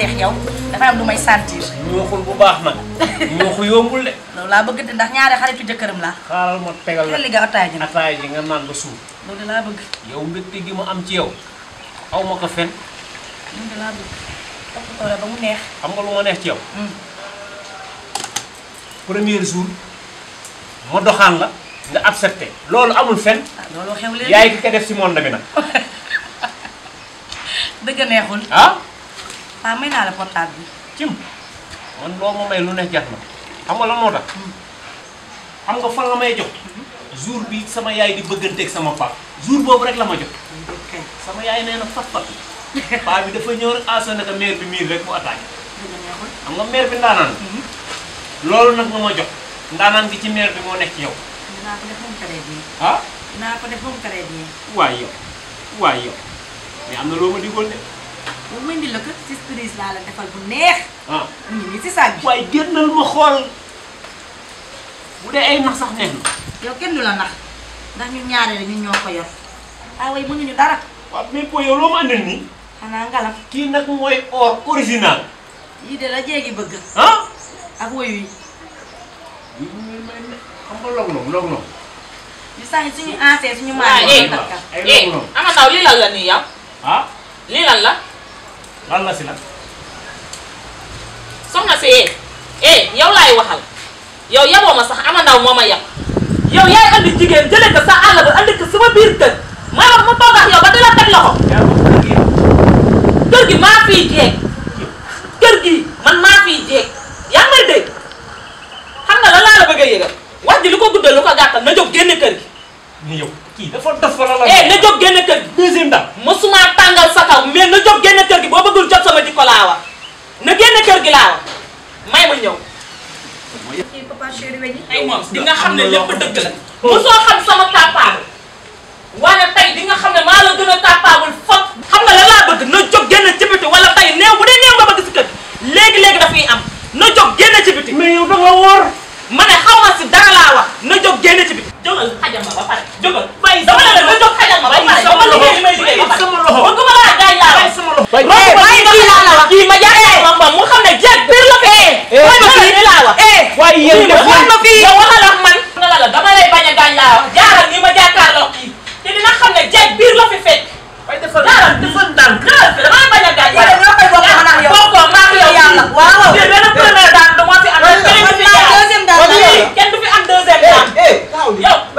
neex yow dafa am lu may bu baax nag. ñooxu yombul de. loolu laa bëgg de ndax ñaari xaritu jëkkëram laa. xaaral ma tegal la li nga ataay ji nga naan ba suur. loolu laa bëgg. yow mbégte gi ma am ci yow aw ma ko fen. loolu laa bëgg ba mu neex. xam nga lu ma neex ci yow. Hmm. premier jour ma doxaan la nga accepté. loolu amul fen. Ah, loolu xew leen yaay ki ko def si monde bi nag. dëgg neexul ah? paa may naa la portable bi. cim man loo ma may lu ne jar na xam nga lan moo tax. Hmm. xam nga fan la may jox. Hmm. jour bi sama yaay di bëgganteeg sama paa jour boobu rek la ma jox. sama yaay nee na fat fat bi dafa ñëw rek asonné ah, que maire bi miir rek mu attaqué. xam nga maire bi ndaanaan hmm. loolu nag ma jox ndaanaan gi ci maire bi moo nekk ci yow. naa ko def moom très ah? am na loo ma digoon de. yow ma indil la ko surprise laa la defal bu neex. ah mu ngi nii ci saag bi. waaye xool bu dee ay nax sax neex na. yow kenn du la nax ndax ñu ñaare la ñoo ko yor ah waaye mënuñu dara. waaw mais po yow loo ma andil nii. xanaa ngalam. kii nag mooy or original. yii de la jéegi bëgg. ah ak woyu yi. yii mooy may xam nga long-long long-long. ñu sax suñu ancêtre suñu. waaw yéen waaw ay long-long. ama ndaw lii lan la nii yow. Ah? lii lan la. lan la si nag. soxna si eh eh waxal yow yaboo ma sax ama ma yab yow yaay andi jigéen sa àll ba andi ko sama biir kër ma ma toog ak yow ba dala teg loxo. kër gi maa fiy jeeg kër gi man maa fiy jeeg yaa ngi may dégg xam nga lan laa a yëgal wax ji lu ko guddal lu ko gàttal na jóg génn kër gi. ni yow kii dafa def wala la. eh na jóg génn kër gi. deuxième dame. mosuma sa kaw mais na jóg génn kër gi boo kër gi laa wax may ma ñëw. ay moom di nga xam ne lépp dëgg la. mosoo xam sama tàppaar wala tey di nga xam ne maa la gën a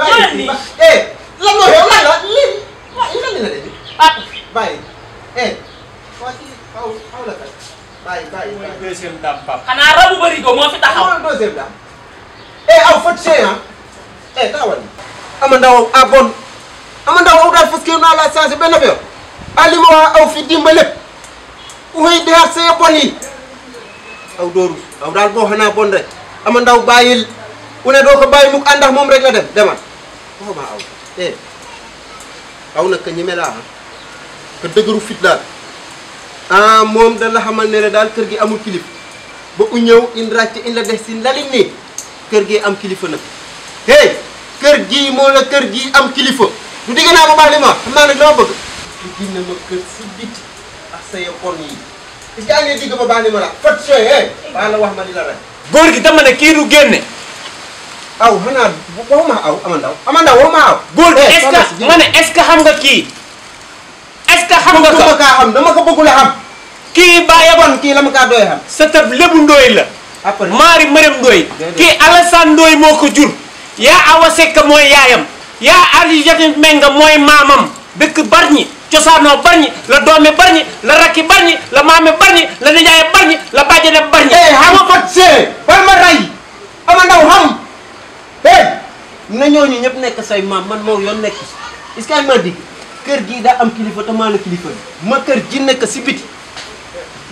bàyyi eh lan la yow lan la lii lan la la def ah bàyyi eh waa kii aw aw la kat bàyyi bàyyi mooy deuxième dame Pape xanaa rabu bëri ko moo fi taxaw mooy deuxième dame eh aw fat chey ah eh taawal ama ndaw a bon ama ndaw aw daal fas naa la changé benn affaire alima waa aw fi dimba lépp uxey deaat see bon yi aw dóoru aw daal boo xanaa bon rek ama ndaw bàyyil une doo ko bàyyi mukk àndax moom rek la dem demal ma aw eh aw nag ka ñeme laa ka dëgëru fit daal ah moom da la xamal ne daal kër gi amul kilif ba u ñëw in ràcc in la def si laliñ ne kër gi am kilifa nag hey kër gii moo la kër gii am kilifa du digg naa ba baax li ma xam naa nag dama bëgg digg na ma kër si biti ak sa yow xol yi est ngi digg ba baax li ma la fat soy eh baa la wax ma li la rek góor gi dama ne kii du génne aw mën naa ce que ma xam nga kii. est-ce que xam nga ko bëgg kaa xam dama a xam. kii bàyyi bon kii la ma kaa doy xam. sa tab lébu ndooy la. maari mërëm ndooy. kii Alassane ndooy moo ko jur. yaa Awa mooy yaayam. yaa Aliou Menga mooy maamam. dëkk Bargny cosaanoo Bargny la doome Bargny la rakki Bargny la maame Bargny la nijaaye Bargny la bàjjane Bargny. Eh, xam nga ko see bal ma rey amandaw xam. na ñooñu ñëpp nekk say maam man moom yoon nekk est-ce que ay ma digg kër gii daa am kilifa te maa la kilifa bi ma kër ji nekk si biti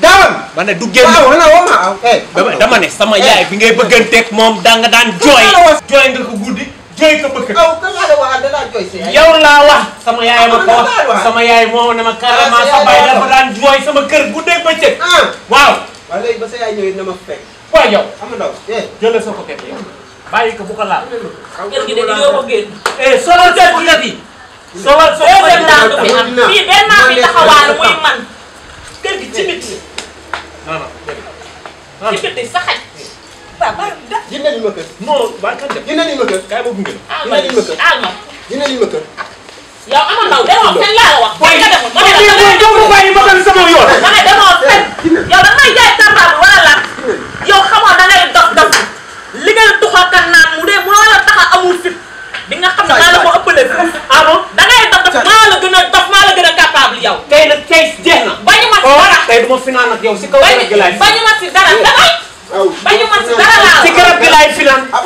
daawam ma ne du génn waaw waaw waaw eh, dama ne sama eh. yaay bi ngay bëgganteeg moom daa nga daan jooy jooy nga ko guddi jooy ko bëgg yow laa wax sama yaay ma ko wax sama yaay moo ne ma carrément ah, sa baay dafa daan jooy sama kër guddeeg bëccëg ah. waaw waaw léegi ba sa yaay ñëwee na ma fekk waaw yow am ndaw eh. jëlee sa ko yow bàyyi ko bu ko laal. kër gi de dañoo ko génn. soo ko jël ci yëf yi. soo ko soo ko jël naa du fi am fii benn naa fi taxawaale muy man. kër gi ci biti. non non dégg ci biti sa xaj. waaw ba da. jëndee ñu ma kër. non waa kan def jëndee ñu ma kër. kaay boobu ngeen. ah ma jëndee ñu ma kër ah ma. jëndee ñu ma kër. yow amoon na demoo fen laa la wax. booy nga defoon ba nga defoon booy nga defoon bàyyi ma sama yoon. da nga demoo fen yow da ngay jaay tàmbaam wala la yow xamoo da ngay ngay tuxatal naan mu dee mu la tax a amul fit di nga xam ne maa la ko ëppalee foofu. ah bon da ngay daf daf gën a daf maa la gën a ma si garab ah, eh, eh, gi laay. final. Eh, a. maa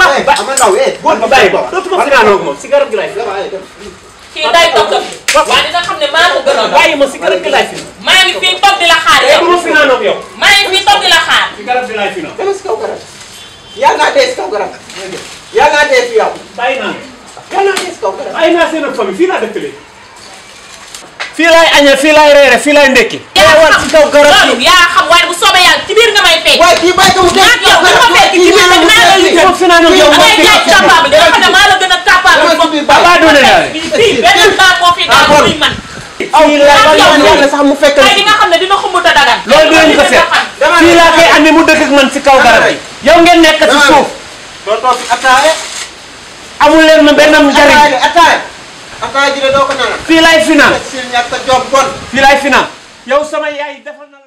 ko gënoon. bàyyi ma si garab gi maa ngi fii toog di la xaar yow. maa ngi fii toog di la xaar. yàlla naa dee si kaw garab. yàlla naa dee si yow. bàyyi naa yàlla naa fii laa dëkk fii laay añee fii laay reere fii laay ndekki. yaa xam bu soobee yàlla ci biir nga may fekk. waaye kii ne da nga ne maa a capable. baba doole naa leen di nga xam ne dina xumbuta dagal. loolu dinañ ko seet fii laa koy andi mu dëkk ak man si kaw garab yi yow ngeen nekk ci suuf. doo toog fi amul leen na benn njariñ attaaye attaaye. attaaye ji de doo ko naan. fii laay final. fii laay final. yow sama yaay defal